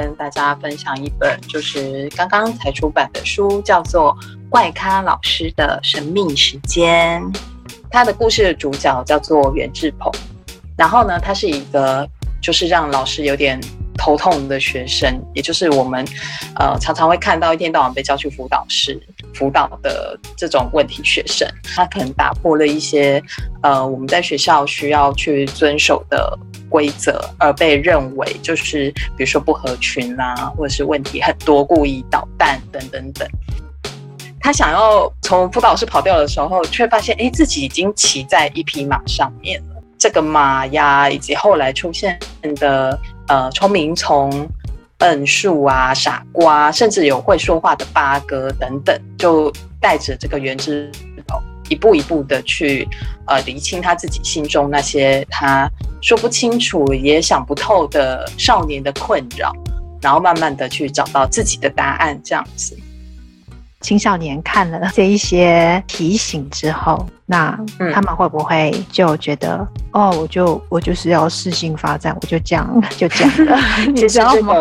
跟大家分享一本就是剛剛才出版的書，叫做《怪咖老師的神秘時間》。他的故事的主角叫做袁志鵬，然後呢，他是一個就是讓老師有點頭痛的學生，也就是我們呃常常會看到一天到晚被叫去輔導室輔導的這種問題學生。他可能打破了一些呃我們在學校需要去遵守的規則而被認為就是，比如說不合群啊，或者是問題很多，故意搗蛋等等等。他想要從輔導室跑掉的時候，卻發現誒、欸、自己已經騎在一匹馬上面了。這個馬呀，以及後來出現的呃聰明蟲笨樹啊、傻瓜，甚至有會說話的八哥等等，就帶着這個原子。一步一步的去，呃，理清他自己心中那些他說不清楚、也想不透的少年的困擾，然後慢慢的去找到自己的答案，這樣子。青少年看了這一些提醒之後，那他們會不會就覺得、嗯、哦，我就我就是要適性發展，我就這樣，就這樣？的。你知道嗎？是這個，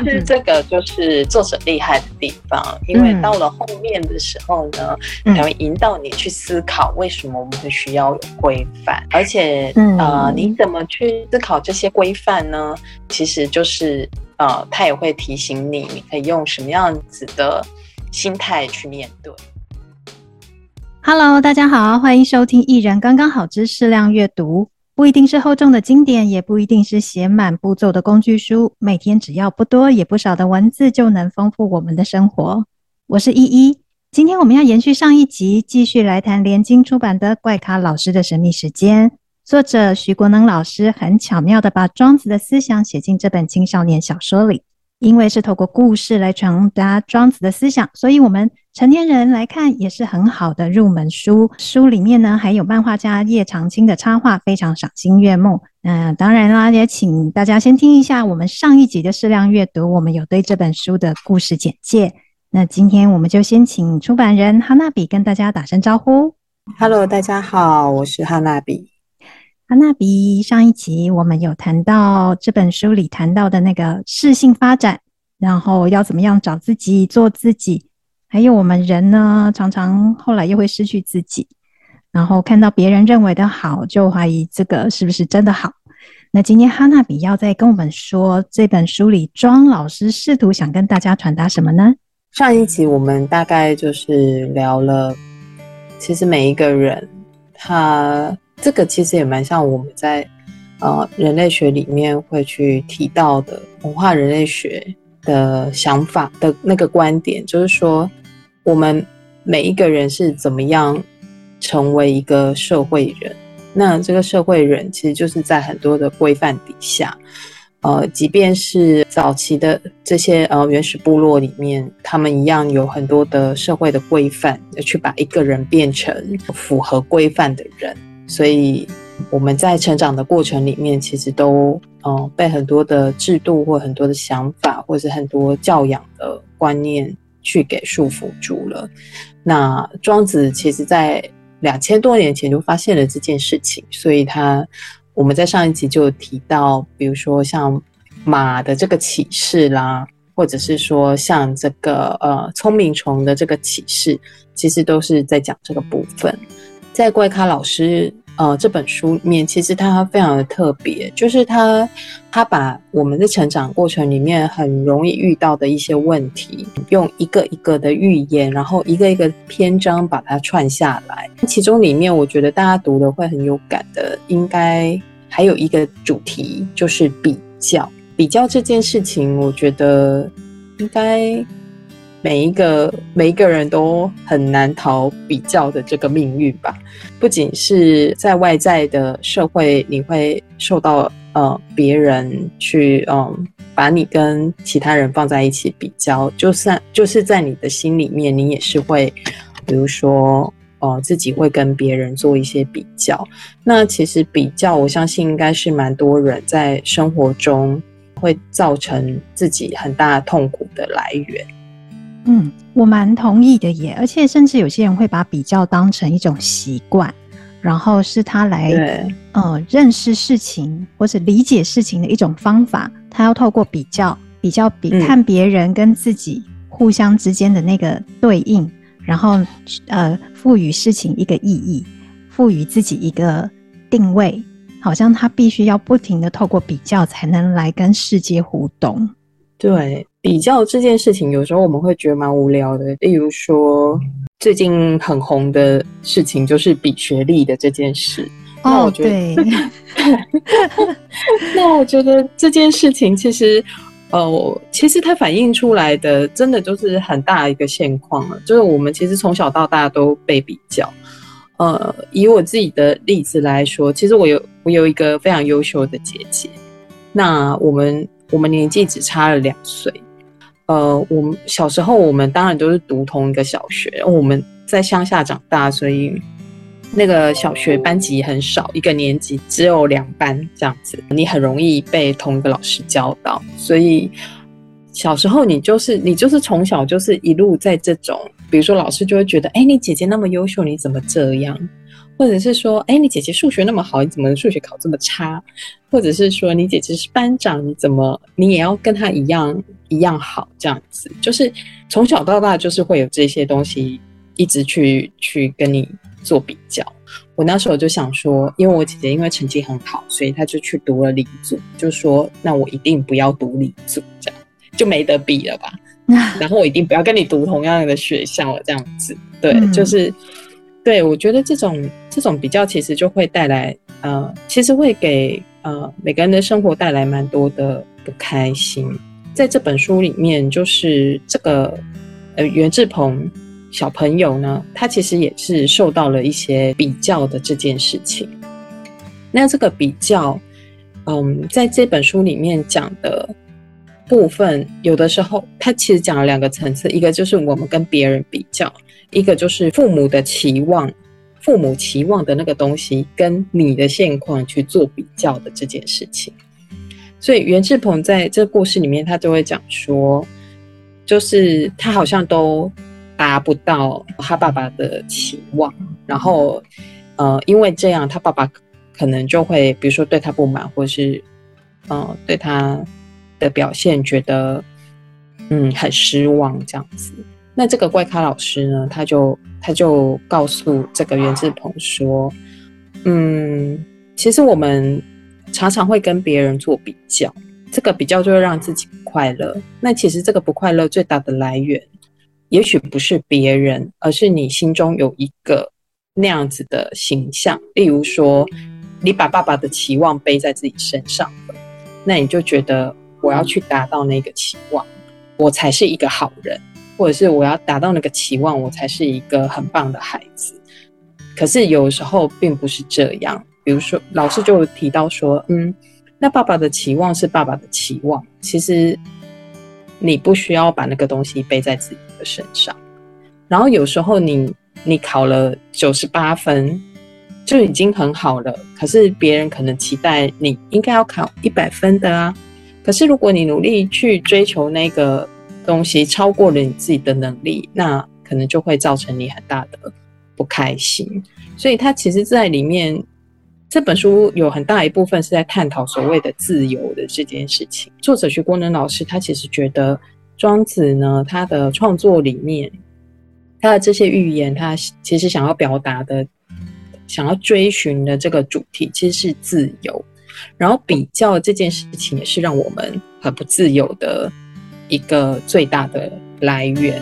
嗯、就,是這個就是作者厲害的地方，嗯、因為到了後面的時候呢，嗯、才會引導你去思考為什麼我們會需要有規範，而且，嗯、呃，你怎麼去思考這些規範呢？其實就是，呃，他也會提醒你，你可以用什麼樣子的。心態去面對。Hello，大家好，歡迎收聽《一人剛剛好之適量閱讀》，不一定是厚重的經典，也不一定是寫滿步驟的工具書。每天只要不多也不少的文字，就能豐富我們的生活。我是依依，今天我們要延續上一集，繼續來談聯經出版的《怪咖老師的神秘時間》，作者徐國能老師很巧妙的把莊子的思想寫進這本青少年小說裡。因為是透過故事來傳達莊子的思想，所以我們成年人來看也是很好的入門書。書裡面呢還有漫畫家葉長青的插畫，非常賞心悅目。嗯、呃，當然啦，也請大家先聽一下我們上一集的適量閱讀，我們有對這本書的故事簡介。那今天我們就先請出版人哈娜比跟大家打聲招呼。Hello，大家好，我是哈娜比。哈娜比，上一集我們有談到這本書裡談到的那個適性發展，然後要怎麼樣找自己、做自己，還有我們人呢，常常後來又會失去自己，然後看到別人認為的好，就懷疑這個是不是真的好。那今天哈娜比要再跟我們說這本書裡莊老師試圖想跟大家傳達什麼呢？上一集我們大概就是聊了，其實每一個人他。這個其實也蠻像我們在，呃，人類學裡面會去提到的文化人類學的想法的那個觀點，就是說，我們每一個人是怎麼樣成為一個社會人。那這個社會人其實就是在很多的規範底下，呃，即便是早期的這些呃原始部落裡面，他們一樣有很多的社會的規範，要去把一個人變成符合規範的人。所以我們在成長的過程裡面，其實都嗯、呃、被很多的制度或很多的想法，或者是很多教養的觀念去給束縛住了。那莊子其實在兩千多年前就發現了這件事情，所以他我們在上一集就有提到，比如說像馬的這個啟示啦，或者是說像這個呃聰明蟲的這個啟示，其實都是在講這個部分。在怪咖老師呃這本書裡面，其實它非常的特別，就是他他把我們的成長過程裡面很容易遇到的一些問題，用一個一個的寓言，然後一個一個篇章把它串下來。其中裡面我覺得大家讀的會很有感的，應該還有一個主題就是比較，比較這件事情，我覺得應該。每一個每一個人都很難逃比較的這個命運吧。不僅是在外在的社會，你會受到呃別人去嗯、呃、把你跟其他人放在一起比較，就算就是在你的心裡面，你也是會，比如說呃自己會跟別人做一些比較。那其實比較，我相信應該是蠻多人在生活中會造成自己很大的痛苦的來源。嗯，我蠻同意的耶，而且甚至有些人會把比較當成一種習慣，然後是他來呃認識事情或者理解事情的一種方法。他要透過比較、比較比、嗯、看別人跟自己互相之間的那個對應，然後呃賦予事情一個意義，賦予自己一個定位，好像他必須要不停的透過比較才能來跟世界互動。對。比較這件事情，有時候我們會覺得蠻無聊的。例如說，最近很紅的事情就是比學歷的這件事。哦，對。 那我覺得那我覺得這件事情其實，呃，其實它反映出來的真的就是很大一個現況了。就是我們其實從小到大都被比較。呃，以我自己的例子來說，其實我有我有一個非常優秀的姐姐。那我們我們年紀只差了兩歲。呃，我們小時候，我們當然都是讀同一個小學。我們在鄉下長大，所以那個小學班級很少，一個年級只有兩班這樣子，你很容易被同一個老師教導。所以小時候，你就是你就是從小就是一路在這種，比如說老師就會覺得，哎，你姐姐那麼優秀，你怎麼這樣？或者是說，哎，你姐姐數學那麼好，你怎麼數學考這麼差？或者是說，你姐姐是班長，你怎麼你也要跟她一樣一樣好？這樣子，就是從小到大就是會有這些東西一直去去跟你做比較。我那時候就想說，因為我姐姐因為成績很好，所以她就去讀了理組，就說那我一定不要讀理組，這樣就沒得比了吧？ 然後我一定不要跟你讀同樣的學校了，這樣子，對，嗯、就是。對，我覺得這種這種比較其實就會帶來，呃，其實會給呃每個人的生活帶來蠻多的不開心。在這本書裡面，就是這個呃袁志鵬小朋友呢，他其實也是受到了一些比較的這件事情。那這個比較，嗯，在這本書裡面講的部分，有的時候他其實講了兩個層次，一個就是我們跟別人比較。一個就是父母的期望，父母期望的那個東西跟你的現況去做比較的這件事情，所以袁志鵬在這個故事裡面，他就會講說，就是他好像都達不到他爸爸的期望，然後，呃，因為這樣，他爸爸可能就會，比如說對他不滿，或是，嗯、呃，對他的表現覺得，嗯，很失望這樣子。那這個怪咖老師呢？他就他就告訴這個袁志鵬說：“嗯，其實我們常常會跟別人做比較，這個比較就會讓自己不快樂。那其實這個不快樂最大的來源，也許不是別人，而是你心中有一個那樣子的形象。例如說，你把爸爸的期望背在自己身上了，那你就覺得我要去達到那個期望，我才是一個好人。”或者是我要達到那個期望，我才是一個很棒的孩子。可是有時候並不是這樣。比如說，老師就提到說：“嗯，那爸爸的期望是爸爸的期望。其實你不需要把那個東西背在自己的身上。然後有時候你你考了九十八分就已經很好了。可是別人可能期待你應該要考一百分的啊。可是如果你努力去追求那個。”東西超過了你自己的能力，那可能就會造成你很大的不開心。所以，他其實在裡面這本書有很大一部分是在探討所謂的自由的這件事情。作者徐國能老師他其實覺得莊子呢，他的創作裡面，他的這些寓言，他其實想要表達的、想要追尋的這個主題，其實是自由。然後，比較這件事情也是讓我們很不自由的一個最大的來源。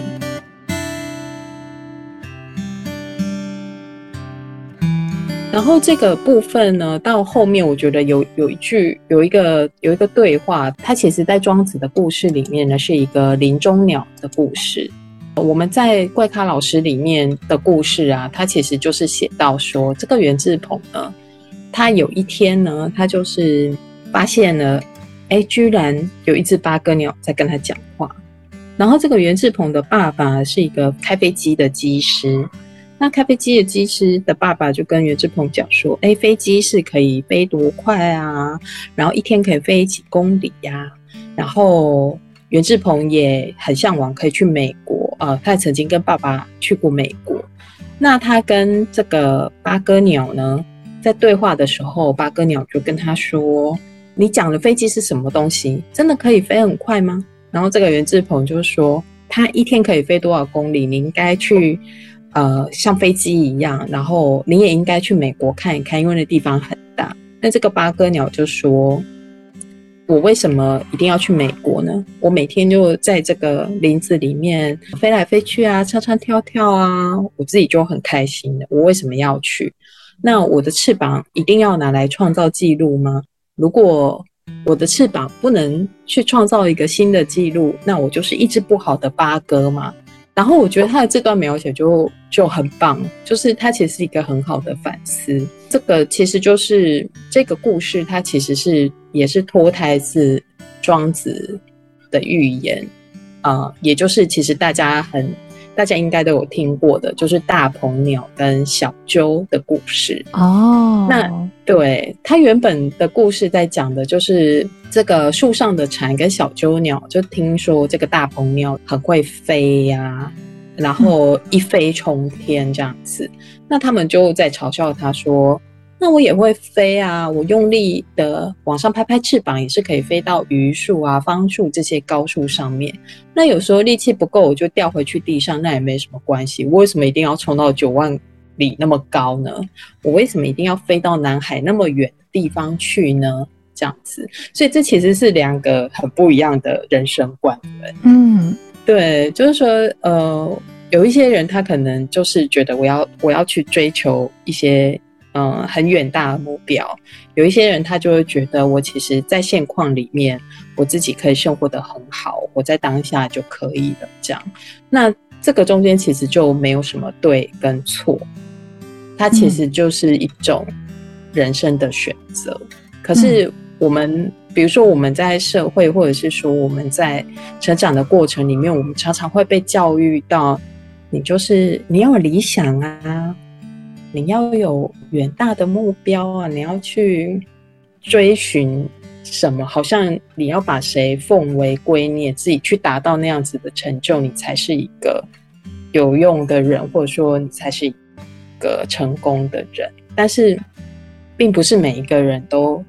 然後這個部分呢，到後面我覺得有有一句有一個有一個對話，它其實，在莊子的故事裡面呢，是一個林中鳥的故事。我們在怪咖老師裡面的故事啊，它其實就是寫到說，這個袁志鵬呢，他有一天呢，他就是發現了。誒，居然有一隻八哥鳥在跟他講話。然後這個袁志鵬的爸爸是一個開飛機的機師。那開飛機的機師的爸爸就跟袁志鵬講說：“哎，飛機是可以飛多快啊？然後一天可以飛幾公里呀、啊？”然後袁志鵬也很向往可以去美國。呃，他也曾經跟爸爸去過美國。那他跟這個八哥鳥呢，在對話的時候，八哥鳥就跟他說。你講的飛機是什麼東西？真的可以飛很快嗎？然後這個袁志鵬就說，他一天可以飛多少公里？你應該去，呃，像飛機一樣，然後你也應該去美國看一看，因為那地方很大。那這個八哥鳥就說，我為什麼一定要去美國呢？我每天就在這個林子裡面飛來飛去啊，唱唱跳跳啊，我自己就很開心了，我為什麼要去？那我的翅膀一定要拿來創造紀錄嗎？如果我的翅膀不能去創造一個新的記錄，那我就是一隻不好的八哥嘛。然後我覺得他的這段描寫就就很棒,就是他其實是一個很好的反思。這個其實就是這個故事，它其實是也是脫胎自莊子的寓言啊、呃，也就是其實大家很大家應該都有聽過的，就是大鵬鳥跟小鳩的故事哦。Oh. 那對，他原本的故事在講的就是這個樹上的蟬跟小鳩鳥，就聽說這個大鵬鳥很會飛呀、啊，然後一飛沖天這樣子、嗯。那他們就在嘲笑他說：“那我也會飛啊，我用力的往上拍拍翅膀也是可以飛到榆樹啊、枋樹這些高樹上面。那有時候力氣不夠，我就掉回去地上，那也沒什麼關係。我為什麼一定要沖到九萬？”裡那麼高呢？我為什麼一定要飛到南海那麼遠的地方去呢？這樣子，所以這其實是兩個很不一樣的人生觀。嗯，對，就是說，呃，有一些人他可能就是覺得我要我要去追求一些嗯、呃、很遠大的目標，有一些人他就會覺得我其實在現況裡面，我自己可以生活得很好，我在當下就可以了。這樣，那這個中間其實就沒有什麼對跟錯。它其實就是一種人生的選擇，嗯。可是我們，比如說我們在社會，或者是說我們在成長的過程裡面，我們常常會被教育到，你就是你要有理想啊，你要有遠大的目標啊，你要去追尋什麼？好像你要把誰奉為圭臬，你也自己去達到那樣子的成就，你才是一個有用的人，或者說你才是。個成功的人，但是並不是每一個人都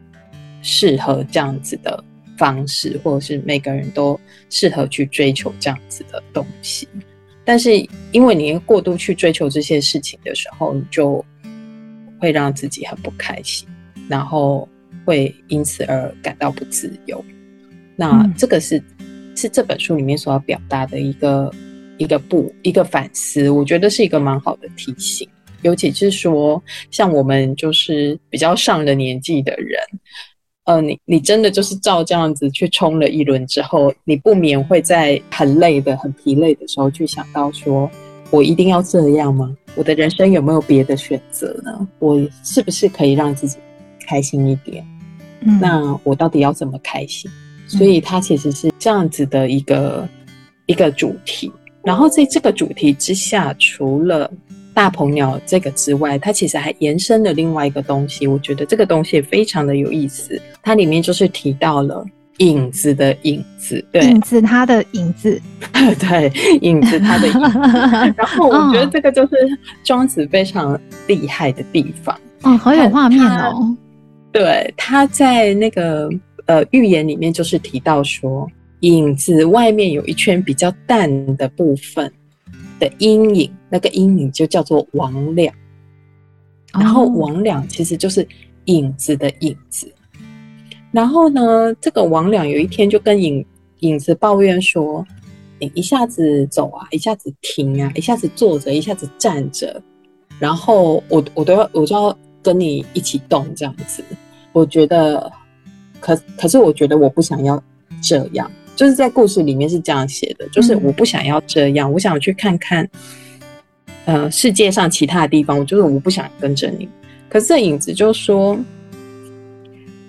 適合這樣子的方式，或者是每個人都適合去追求這樣子的東西。但是，因為你過度去追求這些事情的時候，你就會讓自己很不開心，然後會因此而感到不自由。那這個是是這本書裡面所要表達的一個一個不一個反思，我覺得是一個蠻好的提醒。尤其是說，像我們就是比較上了年紀的人，呃，你你真的就是照這樣子去衝了一輪之後，你不免會在很累的、很疲累的時候，去想到說，我一定要這樣嗎？我的人生有沒有別的選擇呢？我是不是可以讓自己開心一點？嗯，那我到底要怎麼開心？嗯，所以它其實是這樣子的一個一個主題。然後在這個主題之下，除了大鵬鳥這個之外，它其實還延伸了另外一個東西。我覺得這個東西也非常的有意思。它裡面就是提到了影子的影子，對，影子它的影子， 對，影子它的影子。 然後我覺得這個就是莊子非常厲害的地方。哦，好有畫面哦。對，他在那個呃寓言裡面就是提到說，影子外面有一圈比較淡的部分。的陰影，那個陰影就叫做魍魎。Oh. 然後魍魎其實就是影子的影子。然後呢，這個魍魎有一天就跟影影子抱怨說：“你、欸、一下子走啊，一下子停啊，一下子坐着，一下子站着，然後我我都要我就要跟你一起動這樣子。我覺得可可是我覺得我不想要這樣。”就是在故事裡面是這樣寫的，就是我不想要這樣、嗯，我想去看看，呃，世界上其他的地方。我就是我不想跟着你，可是這影子就說，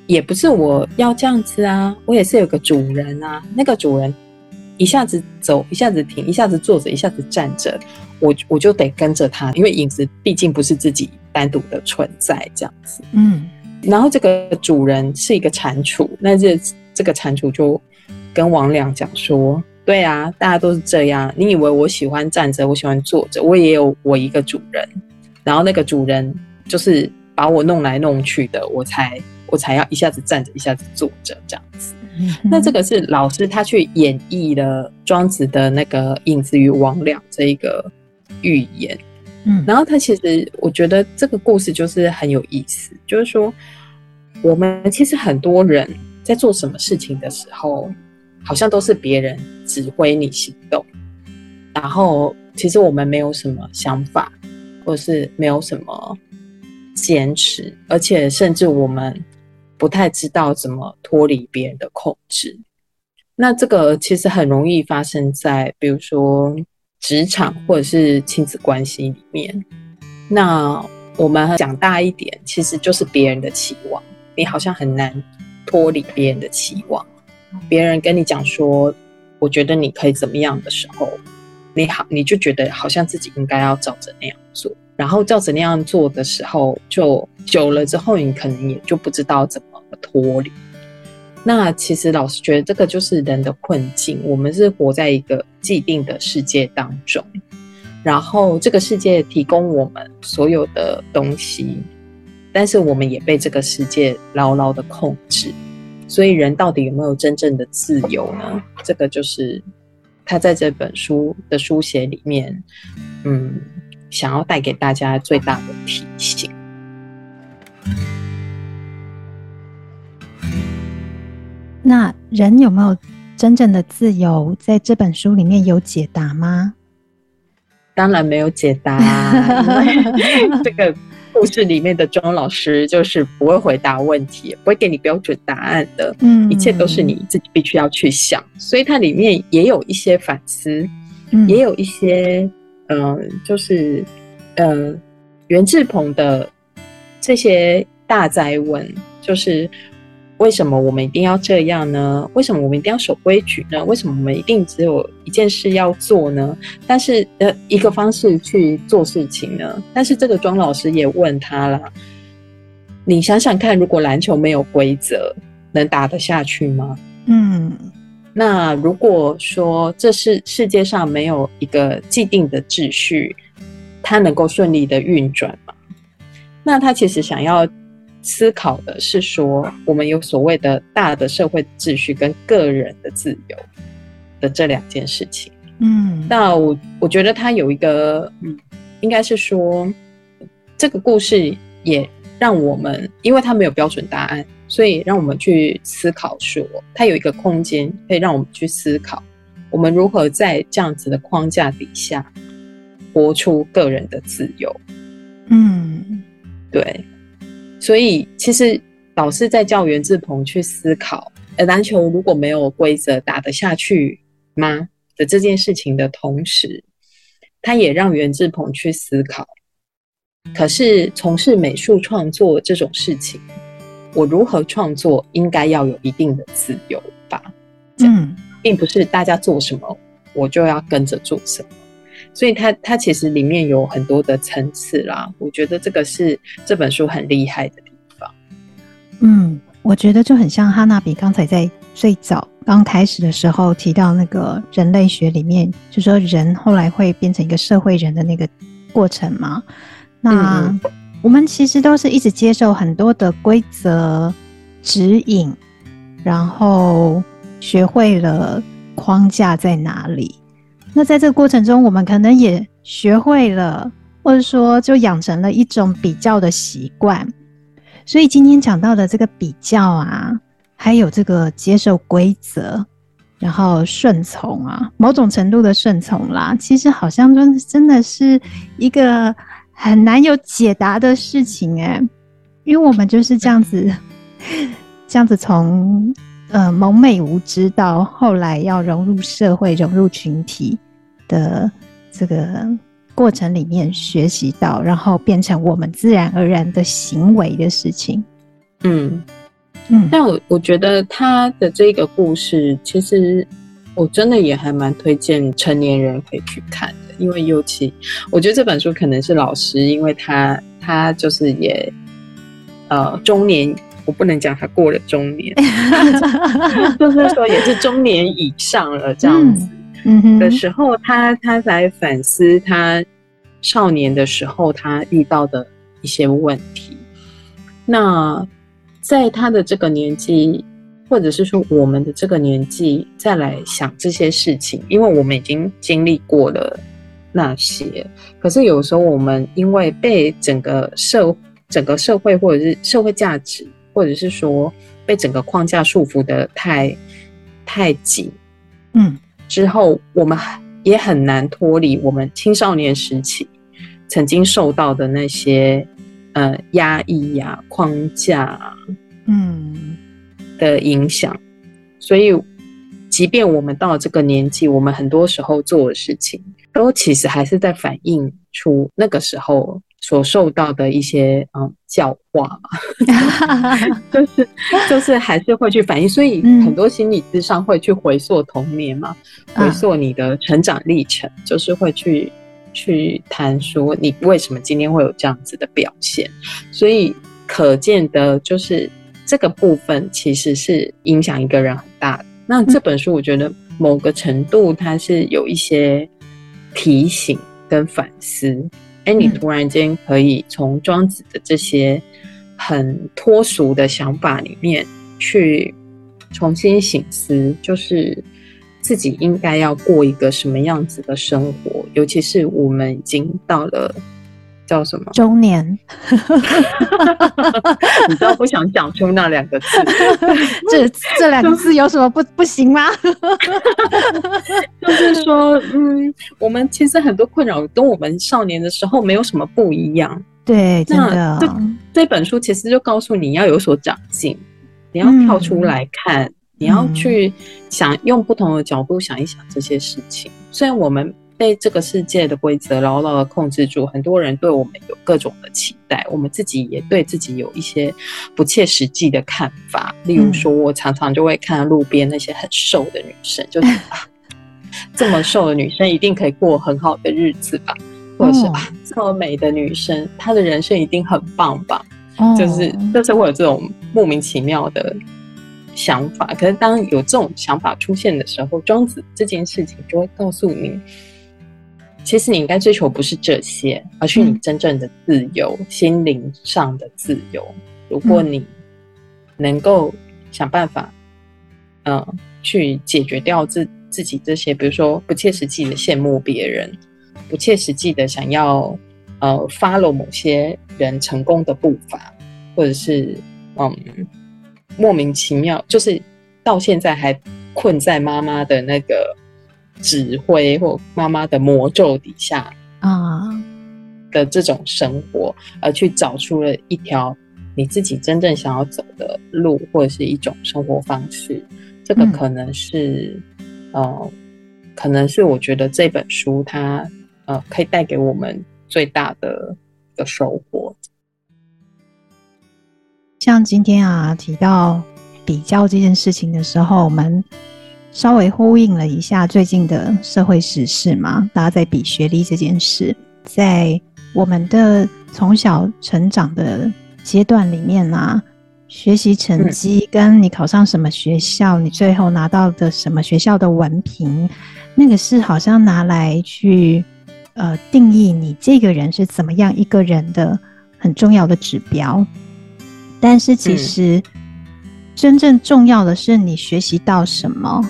也不是我要這樣子啊，我也是有個主人啊。那個主人一下子走，一下子停，一下子坐着，一下子站着，我我就得跟着他，因為影子畢竟不是自己單獨的存在這樣子。嗯，然後這個主人是一個蟾蜍，那這這個蟾蜍就。跟王良講說：“對啊，大家都是這樣。你以為我喜歡站着，我喜歡坐着，我也有我一個主人。然後那個主人就是把我弄來弄去的，我才我才要一下子站着，一下子坐着這樣子。嗯。那這個是老師他去演繹了莊子的那個影子與王良這一個寓言。嗯，然後他其實我覺得這個故事就是很有意思，就是說我們其實很多人在做什麼事情的時候。”好像都是別人指揮你行動，然後其實我們沒有什麼想法，或者是沒有什麼堅持，而且甚至我們不太知道怎麼脫離別人的控制。那這個其實很容易發生在，比如說職場或者是親子關係裡面。那我們講大一點，其實就是別人的期望，你好像很難脫離別人的期望。別人跟你講說，我覺得你可以怎麼樣的時候，你好，你就覺得好像自己應該要照着那樣做，然後照着那樣做的時候，就久了之後，你可能也就不知道怎麼脫離。那其實老師覺得這個就是人的困境，我們是活在一個既定的世界當中，然後這個世界提供我們所有的東西，但是我們也被這個世界牢牢的控制。所以，人到底有沒有真正的自由呢？這個就是他在這本書的書寫裡面，嗯，想要帶給大家最大的提醒。那人有沒有真正的自由，在這本書裡面有解答嗎？當然沒有解答啊， 這個。故事裡面的莊老師就是不會回答問題，不會給你標準答案的。嗯，嗯，一切都是你自己必須要去想，所以它裡面也有一些反思，嗯、也有一些，嗯、呃，就是，呃，袁志鵬的這些大哉問，就是。為什麼我們一定要這樣呢？為什麼我們一定要守規矩呢？為什麼我們一定只有一件事要做呢？但是呃，一個方式去做事情呢？但是這個莊老師也問他了，你想想看，如果籃球沒有規則，能打得下去嗎？嗯，那如果說這是世界上沒有一個既定的秩序，它能夠順利的運轉嗎？那他其實想要。思考的是說，我們有所謂的大的社會秩序跟個人的自由的這兩件事情。嗯，那我我覺得它有一個，嗯，應該是說這個故事也讓我們，因為它沒有標準答案，所以讓我們去思考說，說它有一個空間可以讓我們去思考，我們如何在這樣子的框架底下活出個人的自由。嗯，對。所以，其實老師在叫袁志鵬去思考，呃，籃球如果沒有規則打得下去嗎？的這件事情的同時，他也讓袁志鵬去思考。可是，從事美術創作這種事情，我如何創作應該要有一定的自由吧？嗯，並不是大家做什麼，我就要跟着做什麼。所以它它其實裡面有很多的層次啦，我覺得這個是這本書很厲害的地方。嗯，我覺得就很像哈納比剛才在最早剛開始的時候提到那個人類學裡面，就是、說人後來會變成一個社會人的那個過程嘛。那、嗯、我們其實都是一直接受很多的規則指引，然後學會了框架在哪裡。那在這個過程中，我們可能也學會了，或者說就養成了一種比較的習慣。所以今天講到的這個比較啊，還有這個接受規則，然後順從啊，某種程度的順從啦，其實好像真真的是一個很難有解答的事情誒，欸，因為我們就是這樣子，這樣子從。呃，蒙昧無知到後來要融入社會、融入群體的這個過程裡面，學習到，然後變成我們自然而然的行為的事情。嗯嗯，但我我覺得他的這個故事，其實我真的也還蠻推薦成年人可以去看的，因為尤其我覺得這本書可能是老師，因為他他就是也呃中年。我不能講他過了中年， 就是說也是中年以上了這樣子，嗯嗯哼，的時候他，他他才反思他少年的時候他遇到的一些問題。那在他的這個年紀，或者是說我們的這個年紀，再來想這些事情，因為我們已經經歷過了那些。可是有時候我們因為被整個社整個社會或者是社會價值。或者是說被整個框架束縛得太太緊，嗯，之後，我們也很難脫離我們青少年時期曾經受到的那些呃壓抑呀、啊、框架、啊、嗯的影響，所以即便我們到了這個年紀，我們很多時候做的事情都其實還是在反映出那個時候。所受到的一些嗯教化， 就是就是還是會去反映，所以很多心理諮商會去回溯童年嘛，嗯、回溯你的成長歷程、啊，就是會去去談說你為什麼今天會有這樣子的表現，所以可見的就是這個部分其實是影響一個人很大的。那這本書我覺得某個程度它是有一些提醒跟反思。哎、欸，你突然間可以從莊子的這些很脫俗的想法裡面去重新省思，就是自己應該要過一個什麼樣子的生活，尤其是我們已經到了。叫什麼？中年， 你倒不想講出那兩個字， 這這兩個字有什麼不不行嗎？ 就是說，嗯，我們其實很多困擾跟我們少年的時候沒有什麼不一樣。對，真的。那這這本書其實就告訴你要有所長進，你要跳出來看，嗯、你要去想、嗯、用不同的角度想一想這些事情。雖然我們。被這個世界的規則牢牢的控制住，很多人對我們有各種的期待，我們自己也對自己有一些不切實際的看法。例如說，我常常就會看到路邊那些很瘦的女生，嗯、就是、啊、這麼瘦的女生一定可以過很好的日子吧？嗯、或者是、啊、這麼美的女生，她的人生一定很棒吧？嗯、就是就是會有這種莫名其妙的想法。可是當有這種想法出現的時候，莊子這件事情就會告訴你。其實你應該追求不是這些，而是你真正的自由，嗯、心靈上的自由。如果你能夠想辦法，嗯、呃，去解決掉自自己這些，比如說不切實際的羨慕別人，不切實際的想要呃 follow 某些人成功的步伐，或者是嗯莫名其妙，就是到現在還困在媽媽的那個。指揮或媽媽的魔咒底下啊的這種生活，而去找出了一條你自己真正想要走的路，或者是一種生活方式。這個可能是，呃，可能是我覺得這本書它呃可以帶給我們最大的的收穫，嗯。像今天啊提到比較這件事情的時候，我們。稍微呼應了一下最近的社會時事嘛，大家在比學歷這件事，在我們的從小成長的階段裡面啊，學習成績跟你考上什麼學校，嗯，你最後拿到的什麼學校的文憑，那個是好像拿來去呃定義你這個人是怎麼樣一個人的很重要的指標。但是其實，嗯、真正重要的是你學習到什麼。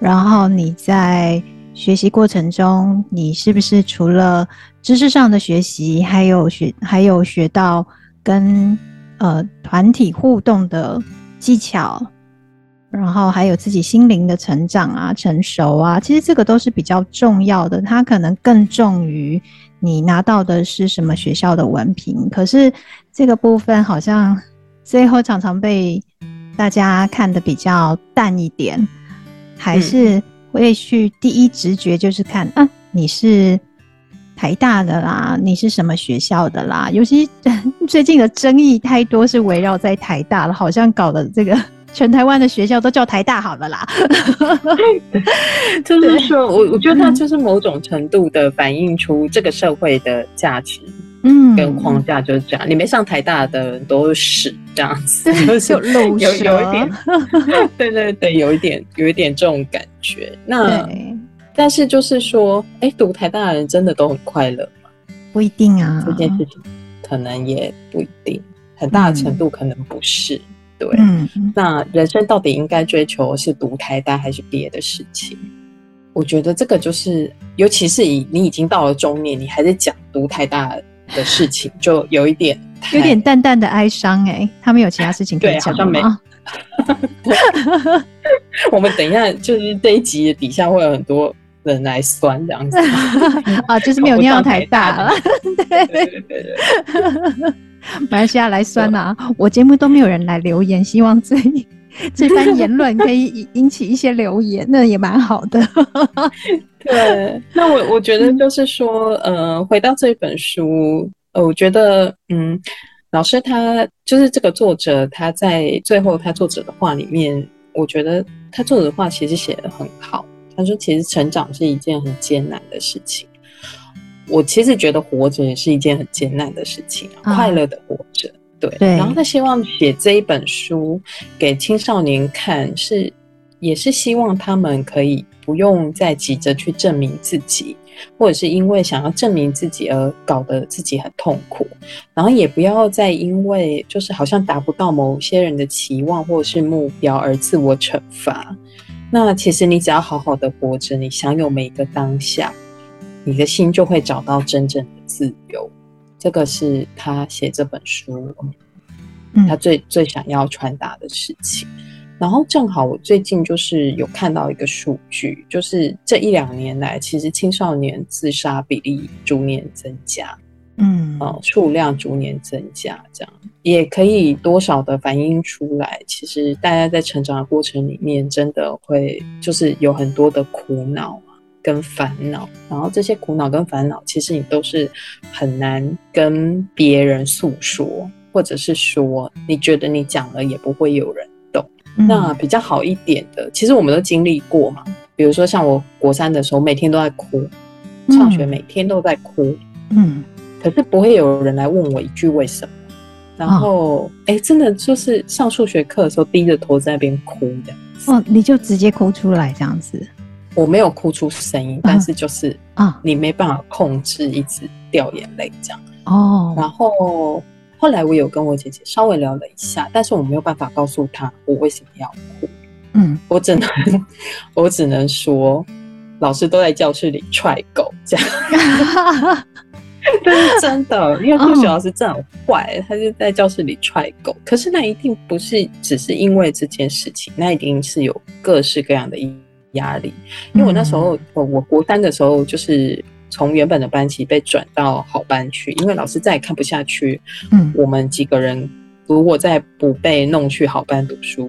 然後你在學習過程中，你是不是除了知識上的學習，還有學還有學到跟呃團體互動的技巧，然後還有自己心靈的成長啊、成熟啊，其實這個都是比較重要的。它可能更重於你拿到的是什麼學校的文憑，可是這個部分好像最後常常被大家看得比較淡一點。還是會去第一直覺就是看啊，你是台大的啦，嗯，你是什麼學校的啦？尤其最近的爭議太多，是圍繞在台大了，好像搞的，這個全台灣的學校都叫台大好了啦。嗯、 就是說我我覺得它就是某種程度的反映出這個社會的價值，嗯，跟框架就是這樣。嗯、你沒上台大的都是。 這樣子、就是、有露有有一點，對對對，有一點有一點這種感覺。那但是就是說，哎、欸，讀台大的人真的都很快樂嗎？不一定啊，這件事情可能也不一定，很大的程度可能不是。嗯、對，嗯，那人生到底應該追求是讀台大還是別的事情？我覺得這個就是，尤其是以你已經到了中年，你還在講讀台大的事情， 就有一點。有點淡淡的哀傷，哎、欸，他們有其他事情可以講嗎？好像沒 對 我們等一下，就是這一集底下會有很多人來酸這樣子 啊，就是沒有尿台大了，大 對對對對，對， 馬來西亞來酸啊！我節目都沒有人來留言，希望這這番言論可以引起一些留言， 那也蠻好的。 對，那我我覺得就是說、嗯，呃，回到這本書。呃，我覺得，嗯，老師他就是這個作者，他在最後他作者的話裡面，我覺得他作者的話其實寫的很好。他說，其實成長是一件很艱難的事情。我其實覺得活着也是一件很艱難的事情，啊、快樂的活着對。對，然後他希望寫這一本書給青少年看是，是也是希望他們可以不用再急着去證明自己。或者是因為想要證明自己而搞得自己很痛苦，然後也不要再因為就是好像達不到某些人的期望或者是目標而自我懲罰。那其實你只要好好的活着，你享有每一個當下，你的心就會找到真正的自由。這個是他寫這本書，嗯，他最最想要傳達的事情。然後正好我最近就是有看到一個數據，就是這一兩年來，其實青少年自殺比例逐年增加，嗯、呃、數量逐年增加，這樣也可以多少的反映出來，其實大家在成長的過程裡面，真的會就是有很多的苦惱啊，跟煩惱，然後這些苦惱跟煩惱，其實你都是很難跟別人訴說，或者是說你覺得你講了也不會有人。嗯、那比較好一點的，其實我們都經歷過嘛。比如說像我國三的時候，每天都在哭，嗯，上學每天都在哭，嗯。可是不會有人來問我一句為什麼？然後，哎、哦欸，真的就是上數學課的時候，低着頭在那邊哭的。哦，你就直接哭出來這樣子。我沒有哭出聲音，啊，但是就是啊，你沒辦法控制一直掉眼淚這樣。哦，然後。後來我有跟我姐姐稍微聊了一下，但是我沒有辦法告訴她我為什麼要哭，嗯，我只能我只能說，老師都在教室裡踹狗，這樣， 但是真的，因為數學老師真的很壞，oh. 他就在教室裡踹狗。可是那一定不是只是因為這件事情，那一定是有各式各樣的壓力。因為我那時候、嗯、我國三的時候就是。從原本的班級被轉到好班去，因為老師再也看不下去。嗯，我們幾個人如果再不被弄去好班讀書，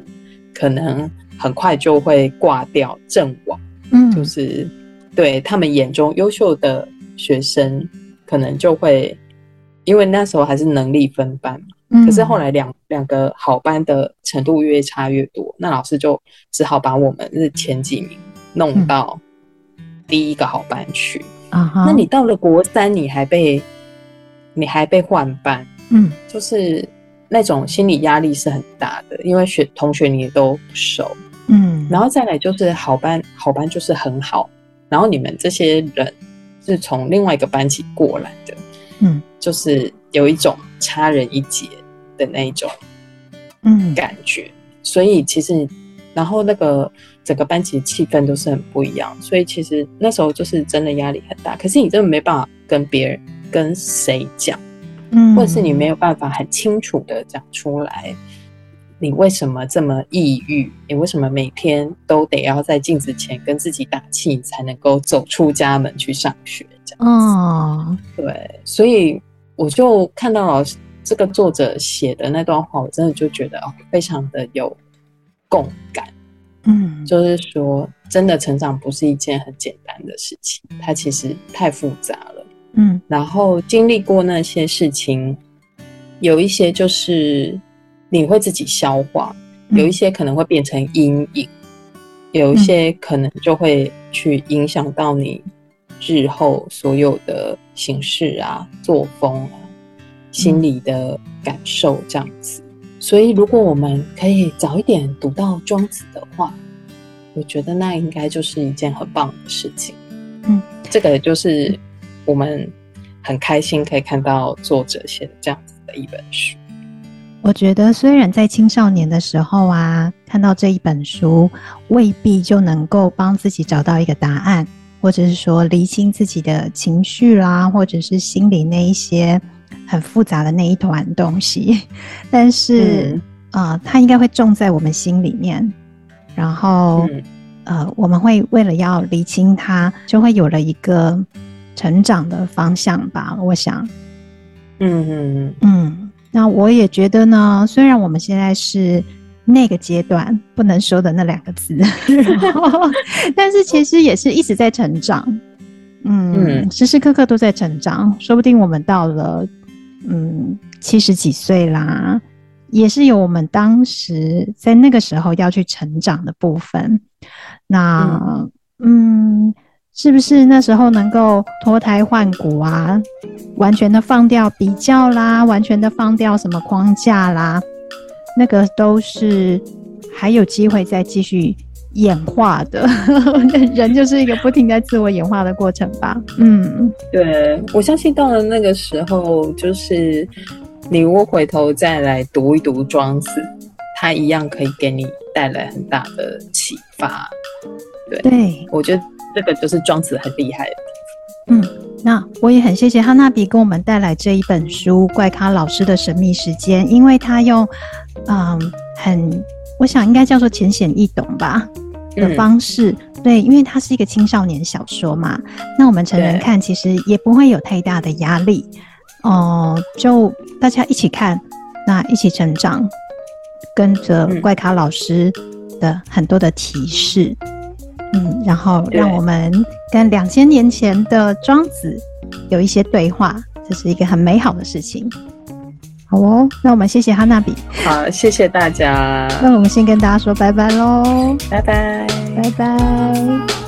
可能很快就會掛掉陣亡。嗯，就是對他們眼中優秀的學生，可能就會因為那時候還是能力分班嘛。嗯。可是後來兩兩個好班的程度越差越多，那老師就只好把我們是前幾名弄到第一個好班去。嗯 Uh-huh. 那你到了國三，你還被，你還被換班，嗯，就是那種心理壓力是很大的，因為學同學你都不熟，嗯，然後再來就是好班，好班就是很好，然後你們這些人是從另外一個班級過來的，嗯，就是有一種差人一截的那種，嗯，感覺，所以其實，然後那個。整個班級氣氛都是很不一樣，所以其實那時候就是真的壓力很大。可是你真的沒辦法跟別人跟誰講，嗯，或者是你沒有辦法很清楚的講出來，你為什麼這麼抑鬱？你為什麼每天都得要在鏡子前跟自己打氣，你才能夠走出家門去上學？這樣子哦。對。所以我就看到這個作者寫的那段話，我真的就覺得哦，非常的有共感。嗯，就是說，真的成長不是一件很簡單的事情，它其實太複雜了。嗯，然後經歷過那些事情，有一些就是你會自己消化，有一些可能會變成陰影，有一些可能就會去影響到你日後所有的行事啊、作風啊、心理的感受這樣子。所以，如果我們可以早一點讀到《莊子》的話，我覺得那應該就是一件很棒的事情。嗯，這個就是我們很開心可以看到作者寫這樣子的一本書。我覺得，雖然在青少年的時候啊，看到這一本書未必就能夠幫自己找到一個答案，或者是說釐清自己的情緒啦、啊，或者是心裡那一些。很複雜的那一團東西，但是啊、嗯呃，它應該會種在我們心裡面。然後、嗯、呃，我們會為了要理清它，就會有了一個成長的方向吧？我想，嗯嗯嗯。那我也覺得呢，雖然我們現在是那個階段，不能說的那兩個字，嗯、 但是其實也是一直在成長嗯。嗯，時時刻刻都在成長，說不定我們到了。嗯，七十幾歲啦，也是有我們當時在那個時候要去成長的部分。那嗯，嗯，是不是那時候能夠脫胎換骨啊？完全的放掉比較啦，完全的放掉什麼框架啦，那個都是還有機會再繼續。演化的 人就是一個不停在自我演化的過程吧。嗯，對，我相信到了那個時候，就是你如果回頭再來讀一讀《莊子》，它一樣可以給你帶來很大的啟發，對。對，我覺得這個就是《莊子》很厲害。嗯，那我也很謝謝哈娜比給我們帶來這一本書《怪咖老師的神秘時間》，因為他用嗯，很，我想應該叫做淺顯易懂吧。的方式，嗯，對，因為它是一個青少年小說嘛，那我們成人看其實也不會有太大的壓力，哦、呃，就大家一起看，那一起成長，跟着怪咖老師的很多的提示，嗯，嗯，然後讓我們跟兩千年前的莊子有一些對話，這、就是一個很美好的事情。好哦，那我們謝謝哈娜比。好，謝謝大家。 那我們先跟大家說拜拜嘍，拜拜，拜拜。